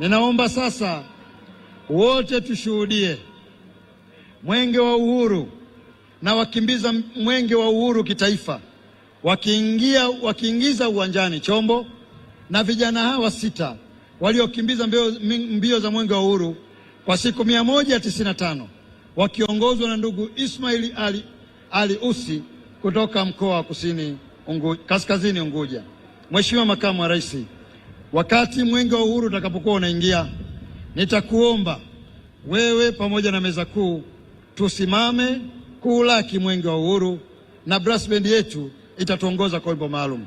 Ninaomba sasa wote tushuhudie mwenge wa uhuru na wakimbiza mwenge wa uhuru kitaifa wakiingia wakiingiza uwanjani chombo na vijana hawa sita waliokimbiza mbio, mbio za mwenge wa uhuru kwa siku tano wakiongozwa na ndugu Ismail Ali, Ali Usi kutoka mkoa wa Kusini Ungu, Kaskazini Unguja. Mheshimiwa Makamu wa Rais Wakati mwenge wa uhuru utakapokuwa unaingia, nitakuomba wewe pamoja na meza kuu tusimame kuulaki mwenge wa uhuru, na brass band yetu itatuongoza kwa wimbo maalum.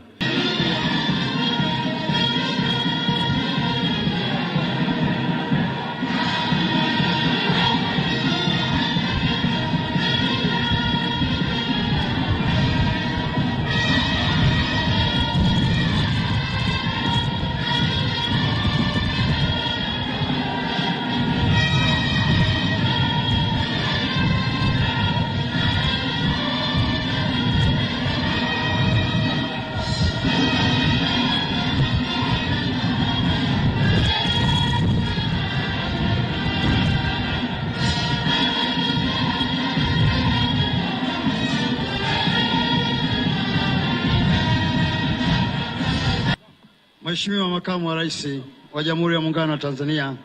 Mheshimiwa Makamu wa Rais wa Jamhuri ya Muungano wa Tanzania,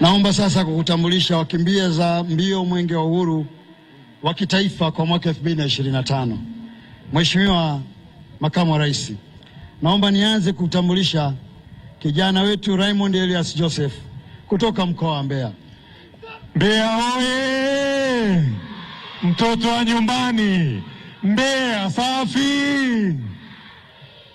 naomba sasa kukutambulisha wakimbia za mbio Mwenge wa Uhuru wa kitaifa kwa mwaka 2025. Mheshimiwa Makamu wa Rais, naomba nianze kukutambulisha kijana wetu Raymond Elias Joseph kutoka mkoa wa Mbeya. Mbeya oye! Mtoto wa nyumbani. Mbeya safi!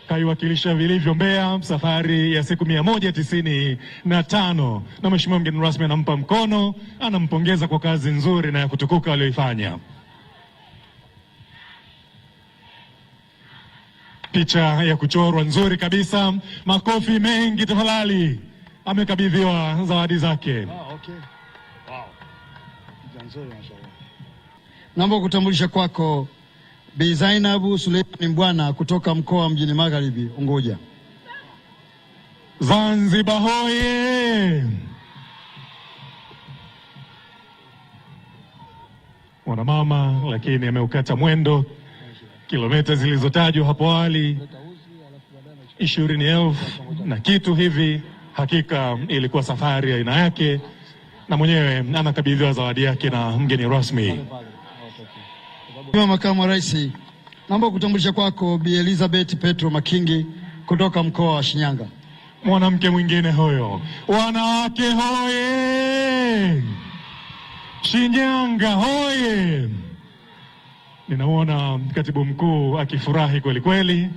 kaiwakilisha vilivyo Mbeya safari ya siku mia moja tisini na tano na mheshimiwa mgeni rasmi anampa mkono, anampongeza kwa kazi nzuri na ya kutukuka aliyoifanya. Picha ya kuchorwa nzuri kabisa, makofi mengi tafadhali. Amekabidhiwa zawadi zake. Ah, okay. Wow. Naomba kutambulisha kwako Bi Zainabu Suleiman Mbwana kutoka mkoa mjini Magharibi Unguja. Zanzibar hoye! Mwanamama lakini ameukata mwendo, kilomita zilizotajwa hapo awali ishirini elfu na kitu hivi. Hakika ilikuwa safari ya aina yake, na mwenyewe anakabidhiwa zawadi yake na mgeni rasmi. Mheshimiwa Makamu wa Rais, naomba kutambulisha kwako Bi Elizabeth Petro Makingi kutoka mkoa wa Shinyanga. Mwanamke mwingine huyo. Wanawake hoye! Shinyanga hoye! Ninaona katibu mkuu akifurahi kweli kweli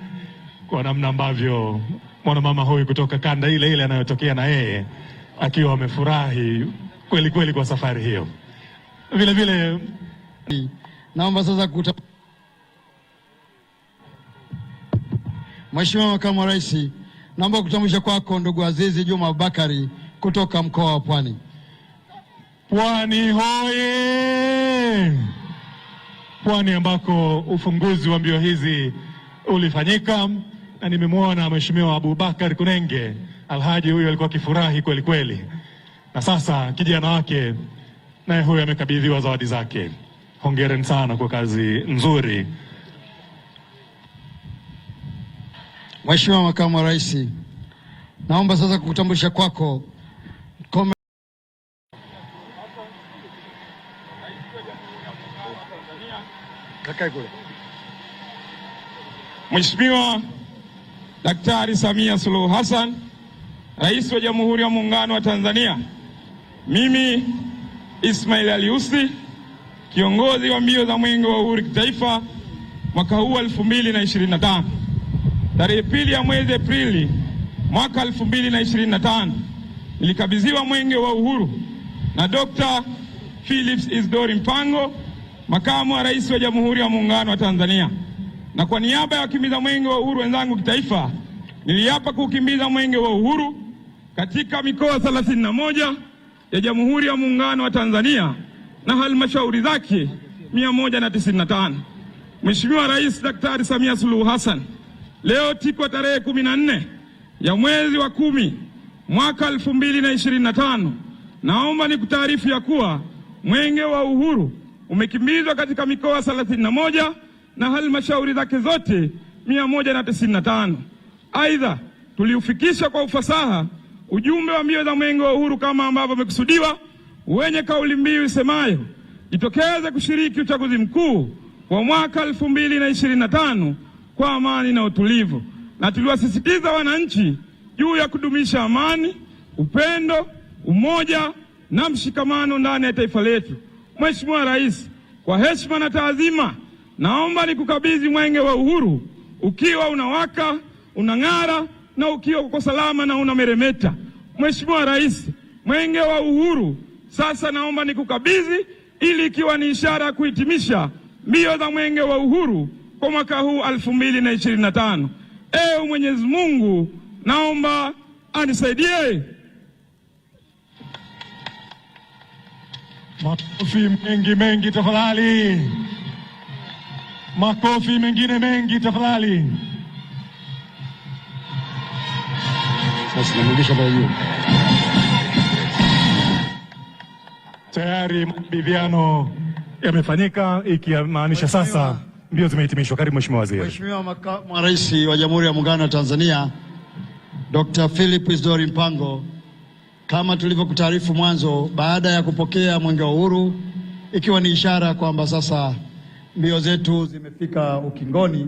kwa namna ambavyo mwanamama huyu kutoka kanda ile ile anayotokea na yeye akiwa amefurahi kweli kweli kwa safari hiyo. Vile vile Naomba sasa kuta Mheshimiwa Makamu wa Rais, naomba kutambulisha kwako ndugu Azizi Juma Abubakari kutoka mkoa wa Pwani. Pwani hoye! Pwani ambako ufunguzi wa mbio hizi ulifanyika na nimemwona Mheshimiwa Abubakar Kunenge, Alhaji huyu alikuwa akifurahi kweli kweli, na sasa kijana wake naye huyo amekabidhiwa zawadi zake hongereni sana kwa kazi nzuri. Mheshimiwa Makamu wa Rais, naomba sasa kukutambulisha kwako Kome... Mheshimiwa Daktari Samia Suluhu Hassan, Rais wa Jamhuri ya Muungano wa Tanzania. Mimi Ismail Aliusi kiongozi wa mbio za mwenge wa uhuru kitaifa mwaka huu tano. Tarehe pili ya mwezi Aprili mwaka tano nilikabidhiwa mwenge wa uhuru na Dr. Philips Isdori Mpango, makamu wa rais wa Jamhuri ya Muungano wa Tanzania, na kwa niaba ya wakimbiza mwenge wa uhuru wenzangu kitaifa, niliapa kukimbiza mwenge wa uhuru katika mikoa 31 ya Jamhuri ya Muungano wa Tanzania na halmashauri zake 195. Mheshimiwa Rais Daktari Samia Suluhu Hassan leo tiko tarehe 14 ya mwezi wa kumi mwaka 2025, naomba ni kutaarifu ya kuwa mwenge wa uhuru umekimbizwa katika mikoa 31 na halmashauri zake zote 195. Aidha, tuliufikisha kwa ufasaha ujumbe wa mbio za mwenge wa uhuru kama ambavyo umekusudiwa wenye kauli mbiu isemayo jitokeze kushiriki uchaguzi mkuu wa mwaka elfu mbili na ishirini na tano kwa amani na utulivu, na tuliwasisitiza wananchi juu ya kudumisha amani, upendo, umoja na mshikamano ndani ya taifa letu. Mheshimiwa Rais, kwa heshima na taadhima, naomba nikukabidhi mwenge wa uhuru ukiwa unawaka, unang'ara na ukiwa uko salama na unameremeta. Mheshimiwa Rais, mwenge wa uhuru sasa naomba nikukabidhi ili ikiwa ni ishara ya kuhitimisha mbio za mwenge wa uhuru kwa mwaka huu elfu mbili na ishirini na tano. Ewe Mwenyezi Mungu, naomba anisaidie. Makofi mengi mengi tafadhali, makofi mengine mengi tafadhali. Sasa kwa tayari makabidhiano yamefanyika ikimaanisha sasa mbio zimehitimishwa. Karibu Mheshimiwa Waziri. Mheshimiwa Makamu Rais wa Jamhuri ya Muungano wa Tanzania Dr. Philip Isdori Mpango, kama tulivyokutaarifu mwanzo, baada ya kupokea mwenge wa uhuru, ikiwa ni ishara kwamba sasa mbio zetu zimefika ukingoni.